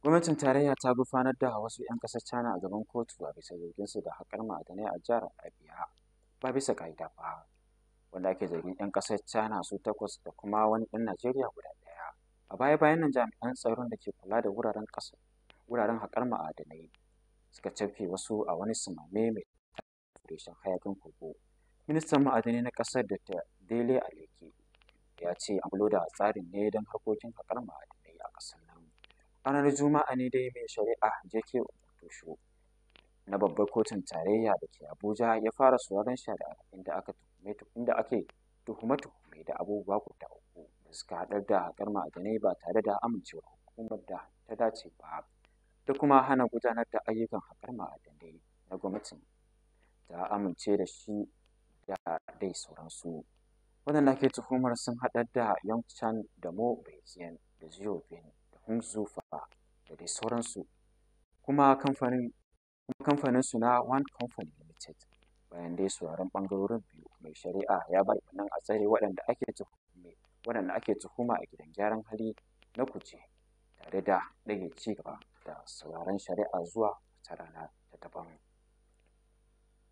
Gwamnatin tarayya ta gurfanar da wasu 'yan ƙasar China a gaban kotu a bisa zarginsu da haƙar ma'adanai a jihar Abia ba bisa ƙa'ida ba. Wanda ake zargin 'yan ƙasar China su takwas da kuma wani ɗan Najeriya guda ɗaya. A baya-bayan nan jami'an tsaron da ke kula da wuraren ƙasa wuraren haƙar ma'adanai suka cafke wasu a wani sumame mai reshen hayakin kogo. Ministan ma'adanai na ƙasar da ta Dele leke ya ce an da tsarin ne don harkokin haƙar ma'adanai. ranar juma'a ne dai mai shari'a jk Oguntoso na babbar kotun tarayya da ke abuja ya fara sauraron shari'a inda inda ake tuhume tuhume da abubuwa guda uku da suka haɗar da haƙar ma'adanai ba tare da amincewar hukumar da ta dace ba da kuma hana gudanar da ayyukan haƙar ma'adanai na gwamnatin ta amince da shi da dai sauransu waɗanda ke tuhumar sun haɗar da yongchan da mo beijing da ziyobin tufafin zufa da dai sauransu kuma kamfanin kamfanin su na one company limited bayan dai sauraron ɓangarorin biyu mai shari'a ya bar nan a tsare waɗanda ake tuhume waɗanda ake tuhuma a gidan gyaran hali na kuce tare da ɗage ci gaba da sauraron shari'a zuwa wata rana